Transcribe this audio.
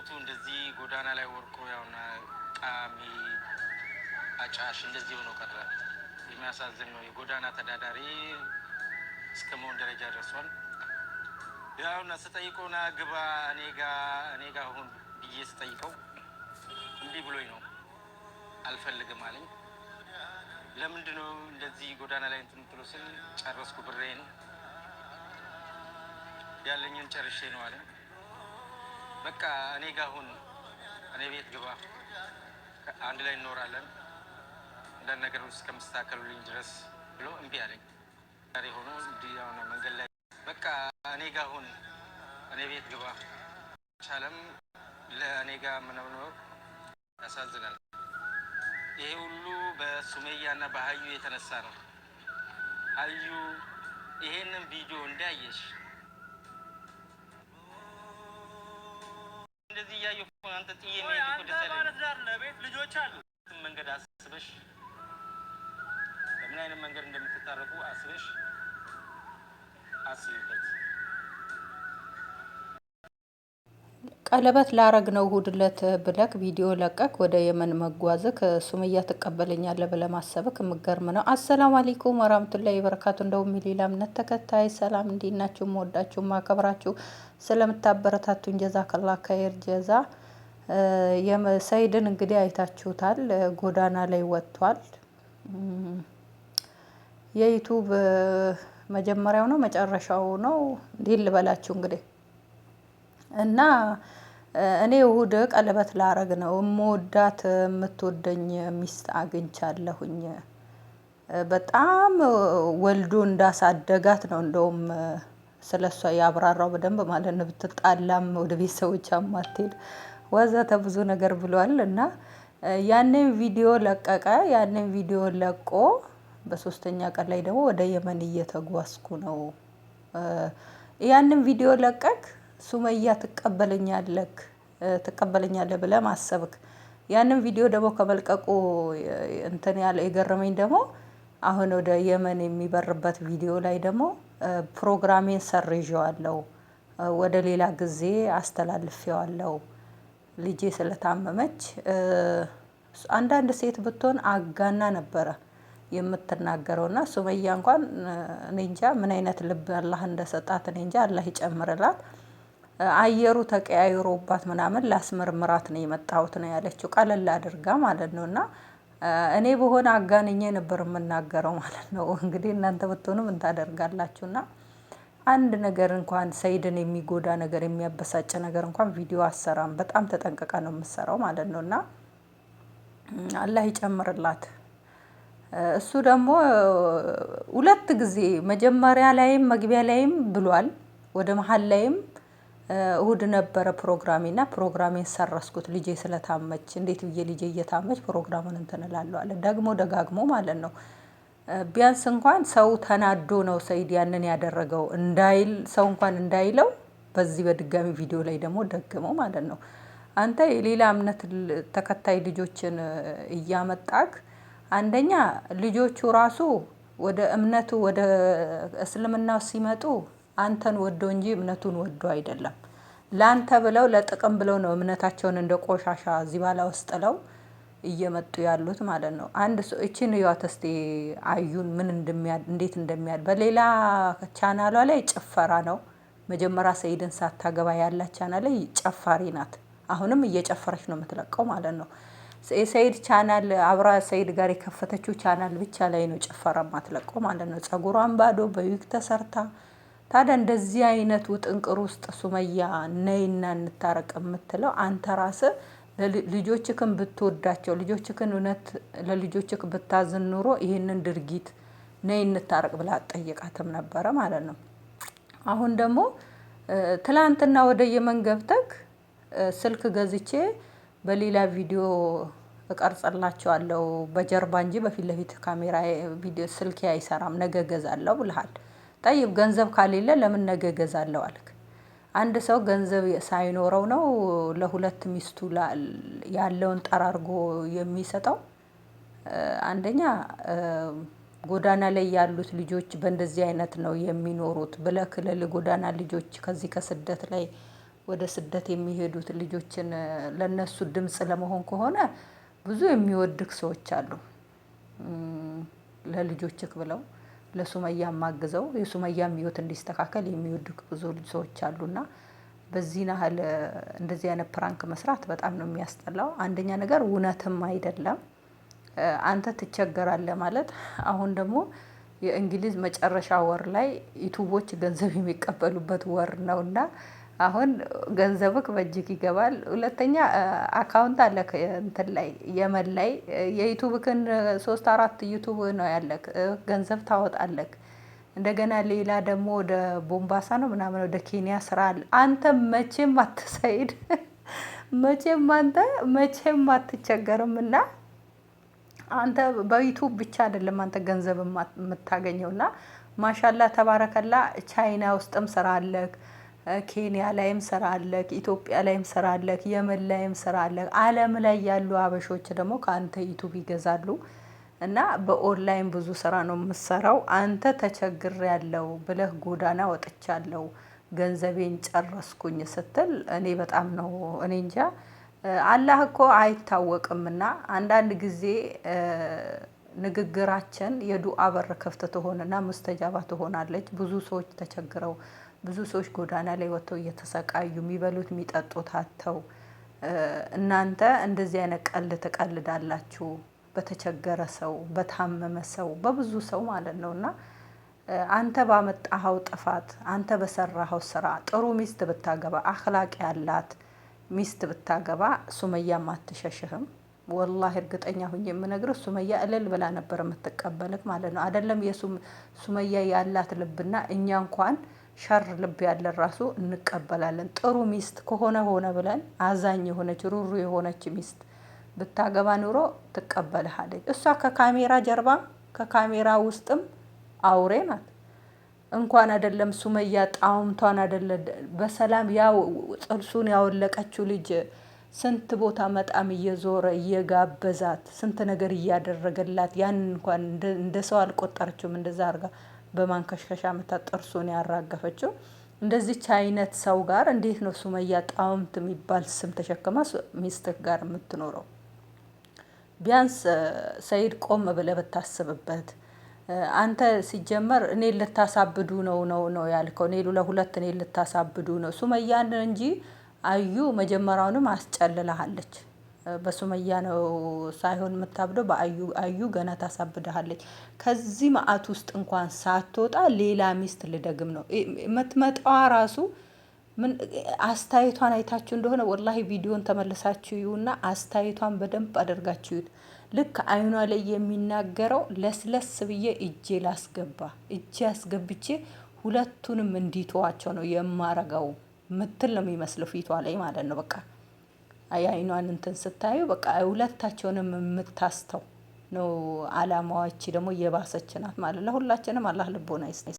በህይወቱ እንደዚህ ጎዳና ላይ ወርቆ ያውና ቃሚ አጫሽ እንደዚህ ሆኖ ቀረ። የሚያሳዝን ነው። የጎዳና ተዳዳሪ እስከ መሆን ደረጃ ደርሷል። ያውና ስጠይቀውና ግባ እኔ ጋ እኔ ጋ ሁን ብዬ ስጠይቀው እምቢ ብሎኝ ነው አልፈልግም አለኝ። ለምንድን ነው እንደዚህ ጎዳና ላይ እንትን የምትለው ስል ጨረስኩ ብሬን ያለኝን ጨርሼ ነው አለኝ። በቃ እኔ ጋር ሁን፣ እኔ ቤት ግባ፣ አንድ ላይ እንኖራለን፣ አንዳንድ ነገሮች እስከምስተካከሉልኝ ድረስ ብሎ እምቢ አለኝ። ዛሬ ሆኖ እንዲያውነ መንገድ ላይ በቃ እኔ ጋር ሁን፣ እኔ ቤት ግባ፣ ቻለም ለእኔ ጋር ምንምኖር ያሳዝናል። ይሄ ሁሉ በሱሜያ እና በሀዩ የተነሳ ነው። ሀዩ ይሄንን ቪዲዮ እንዳየሽ እንደዚህ እያየሁ አንተ ጥዬ ነው አንተ ቤት ልጆች አሉ። መንገድ አስበሽ በምን አይነት መንገድ እንደምትታረቁ አስበሽ አስብበት። ቀለበት ላረግ ነው እሁድለት ብለክ ቪዲዮ ለቀክ ወደ የመን መጓዝክ ሱምያ ትቀበለኛለህ ብለህ ማሰብክ የምገርም ነው። አሰላሙ አለይኩም ወራህመቱላሂ ወበረካቱ። እንደውም ሌላ እምነት ተከታይ ሰላም እንዲናችሁ ናችሁ? ማከብራችሁ ስለምታበረታቱኝ ጀዛ ከላ ከይር ጀዛ። ሰይድን እንግዲህ አይታችሁታል፣ ጎዳና ላይ ወጥቷል። የዩቱብ መጀመሪያው ነው መጨረሻው ነው እንዴት ልበላችሁ እንግዲህ እና እኔ እሁድ ቀለበት ላረግ ነው የምወዳት የምትወደኝ ሚስት አግኝቻለሁኝ። በጣም ወልዶ እንዳሳደጋት ነው እንደውም ስለሷ ያብራራው በደንብ ማለት ነው። ብትጣላም ወደ ቤተሰቦቿ አማትሄድ ወዘተ ብዙ ነገር ብሏል። እና ያንን ቪዲዮ ለቀቀ ያንን ቪዲዮ ለቆ በሶስተኛ ቀን ላይ ደግሞ ወደ የመን እየተጓዝኩ ነው። ያንን ቪዲዮ ለቀቅ ሱመያ ትቀበለኛለክ ትቀበለኛለህ ብለ ማሰብክ። ያንን ቪዲዮ ደግሞ ከመልቀቁ እንትን ያለ የገረመኝ ደግሞ አሁን ወደ የመን የሚበርበት ቪዲዮ ላይ ደግሞ ፕሮግራሜን ሰርዤዋለሁ፣ ወደ ሌላ ጊዜ አስተላልፌዋለሁ፣ ልጄ ስለታመመች። አንዳንድ ሴት ብትሆን አጋና ነበረ የምትናገረው እና ሱመያ እንኳን እኔ እንጃ ምን አይነት ልብ አላህ እንደሰጣት እኔ እንጃ አላህ ይጨምርላት። አየሩ ተቀያይሮባት ምናምን ላስመርምራት ነው የመጣሁት ነው ያለችው። ቀለል አድርጋ ማለት ነው። እና እኔ በሆነ አጋንኜ ነበር የምናገረው ማለት ነው። እንግዲህ እናንተ ብትሆኑ ምን ታደርጋላችሁ? እና አንድ ነገር እንኳን ሰይድን የሚጎዳ ነገር የሚያበሳጭ ነገር እንኳን ቪዲዮ አሰራም። በጣም ተጠንቅቃ ነው የምሰራው ማለት ነው። እና አላህ ይጨምርላት። እሱ ደግሞ ሁለት ጊዜ መጀመሪያ ላይም መግቢያ ላይም ብሏል፣ ወደ መሀል ላይም እሁድ ነበረ ፕሮግራሜ ና ፕሮግራሜን ሰረስኩት። ልጄ ስለታመች እንዴት ብዬ ልጄ እየታመች ፕሮግራሙን እንትንላለዋለ ደግሞ ደጋግሞ ማለት ነው። ቢያንስ እንኳን ሰው ተናዶ ነው ሰይድ ያንን ያደረገው እንዳይል ሰው እንኳን እንዳይለው በዚህ በድጋሚ ቪዲዮ ላይ ደግሞ ደግሞ ማለት ነው። አንተ የሌላ እምነት ተከታይ ልጆችን እያመጣክ አንደኛ ልጆቹ ራሱ ወደ እምነቱ ወደ እስልምናው ሲመጡ አንተን ወዶ እንጂ እምነቱን ወዶ አይደለም። ለአንተ ብለው ለጥቅም ብለው ነው እምነታቸውን እንደ ቆሻሻ እዚህ ባላ ውስጥ ጥለው እየመጡ ያሉት ማለት ነው። አንድ ሰው እቺን ህይወት እስቲ አዩን ምን እንደሚያድ እንዴት እንደሚያድ በሌላ ቻናሏ ላይ ጭፈራ ነው። መጀመሪያ ሰይድን ሳታገባ ያላት ቻና ላይ ጨፋሪ ናት። አሁንም እየጨፈረች ነው የምትለቀው ማለት ነው። የሰኢድ ቻናል አብራ ሰይድ ጋር የከፈተችው ቻናል ብቻ ላይ ነው ጭፈራ ማትለቀው ማለት ነው። ጸጉሯን ባዶ በዊግ ተሰርታ ታዲያ እንደዚህ አይነት ውጥንቅር ውስጥ ሱመያ ነይና እንታረቅ የምትለው አንተ ራስ ልጆችክን ብትወዳቸው ልጆችክን እውነት ለልጆችክ ብታዝን ኑሮ ይህንን ድርጊት ነይ እንታረቅ ብላ ጠየቃትም ነበረ ማለት ነው። አሁን ደግሞ ትላንትና ወደ የመን ገብተክ ስልክ ገዝቼ በሌላ ቪዲዮ እቀርጸላቸዋለሁ በጀርባ እንጂ በፊት ለፊት ካሜራ ስልክ አይሰራም፣ ነገ ገዛለሁ ብልሃል። ጠይብ ገንዘብ ካሌለ ለምን ነገ እገዛለሁ አልክ? አንድ ሰው ገንዘብ ሳይኖረው ነው ለሁለት ሚስቱ ያለውን ጠራርጎ የሚሰጠው። አንደኛ ጎዳና ላይ ያሉት ልጆች በእንደዚህ አይነት ነው የሚኖሩት ብለህ ጎዳና ልጆች ከዚህ ከስደት ላይ ወደ ስደት የሚሄዱት ልጆችን ለእነሱ ድምጽ ለመሆን ከሆነ ብዙ የሚወድክ ሰዎች አሉ። ለልጆችክ ብለው ለሱመያ ማግዘው የሱመያም ህይወት እንዲስተካከል የሚወዱ ብዙ ሰዎች አሉና በዚህ ናህል እንደዚህ አይነት ፕራንክ መስራት በጣም ነው የሚያስጠላው። አንደኛ ነገር እውነትም አይደለም። አንተ ትቸገራለህ ማለት አሁን ደግሞ የእንግሊዝ መጨረሻ ወር ላይ ዩቱቦች ገንዘብ የሚቀበሉበት ወር እና አሁን ገንዘብክ በእጅክ ይገባል። ሁለተኛ አካውንት አለክ እንትን ላይ የመን ላይ የዩቱብክን ሶስት አራት ዩቱብ ነው ያለክ ገንዘብ ታወጣለክ። እንደገና ሌላ ደግሞ ወደ ቦምባሳ ነው ምናምን ወደ ኬንያ ስራ አለ። አንተ መቼም አትሰይድ መቼም አንተ መቼም አትቸገርም እና አንተ በዩቱብ ብቻ አይደለም አንተ ገንዘብ የምታገኘውና ማሻላ ተባረከላ ቻይና ውስጥም ስራ አለክ ኬንያ ላይም ስራ አለ፣ ኢትዮጵያ ላይም ስራ አለ፣ የመን ላይም ስራ አለ። ላይ ያሉ አበሾች ደግሞ ከአንተ ዩቱብ ይገዛሉ እና በኦንላይን ብዙ ስራ ነው የምሰራው። አንተ ተቸግር ያለው ብለህ ጎዳና ወጥቻለሁ ገንዘቤን ጨረስኩኝ ስትል እኔ በጣም ነው እኔ እንጃ አላህ እኮ አይታወቅምና አንዳንድ ጊዜ ንግግራችን የዱአ በር ክፍት ትሆንና ሙስተጃባ ትሆናለች። ብዙ ሰዎች ተቸግረው ብዙ ሰዎች ጎዳና ላይ ወጥተው እየተሰቃዩ የሚበሉት የሚጠጡት አጥተው እናንተ እንደዚህ አይነት ቀልድ ትቀልዳላችሁ በተቸገረ ሰው በታመመ ሰው በብዙ ሰው ማለት ነው። እና አንተ ባመጣኸው ጥፋት አንተ በሰራኸው ስራ ጥሩ ሚስት ብታገባ አክላቅ ያላት ሚስት ብታገባ ሱመያም አትሸሽህም። ወላሂ እርግጠኛ ሁኝ የምነግር ሱመያ እልል ብላ ነበር የምትቀበልህ ማለት ነው። አይደለም የሱመያ ያላት ልብና እኛ እንኳን ሸር ልብ ያለን ራሱ እንቀበላለን። ጥሩ ሚስት ከሆነ ሆነ ብለን አዛኝ የሆነች ሩሩ የሆነች ሚስት ብታገባ ኑሮ ትቀበልሃለች። እሷ ከካሜራ ጀርባ ከካሜራ ውስጥም አውሬ ናት። እንኳን አይደለም ሱመያ ጣውምቷን አደለ በሰላም ያው ጥርሱን ያወለቀችው ልጅ ስንት ቦታ መጣም እየዞረ እየጋበዛት ስንት ነገር እያደረገላት ያን እንኳን እንደ ሰው አልቆጠረችውም እንደዛ አርጋ በማንከሽከሻ መታ ጥርሱን ያራገፈችው። እንደዚች አይነት ሰው ጋር እንዴት ነው ሱመያ ጣውምት የሚባል ስም ተሸክማ ሚስትህ ጋር የምትኖረው? ቢያንስ ሰይድ ቆም ብለህ ብታስብበት። አንተ ሲጀመር እኔ ልታሳብዱ ነው ነው ነው ያልከው። እኔ ለሁለት እኔ ልታሳብዱ ነው ሱመያን እንጂ አዩ መጀመሪያውንም አስጨልላሃለች። በሱመያ ነው ሳይሆን የምታብደው በአዩ አዩ ገና ታሳብድሃለች። ከዚህ መዓት ውስጥ እንኳን ሳትወጣ ሌላ ሚስት ልደግም ነው መትመጣዋ ራሱ ምን አስተያየቷን አይታችሁ እንደሆነ ወላሂ ቪዲዮን ተመልሳችሁ ይሁና አስተያየቷን በደንብ አደርጋችሁት። ልክ አይኗ ላይ የሚናገረው ለስለስ ብዬ እጄ ላስገባ እጄ አስገብቼ ሁለቱንም እንዲተዋቸው ነው የማረገው ምትል ነው የሚመስለው ፊቷ ላይ ማለት ነው በቃ የአይኗን እንትን ስታዩ በቃ ሁለታቸውንም የምታስተው ነው። አላማዎች ደግሞ እየባሰች ናት ማለት ለሁላችንም አላህ ልቦና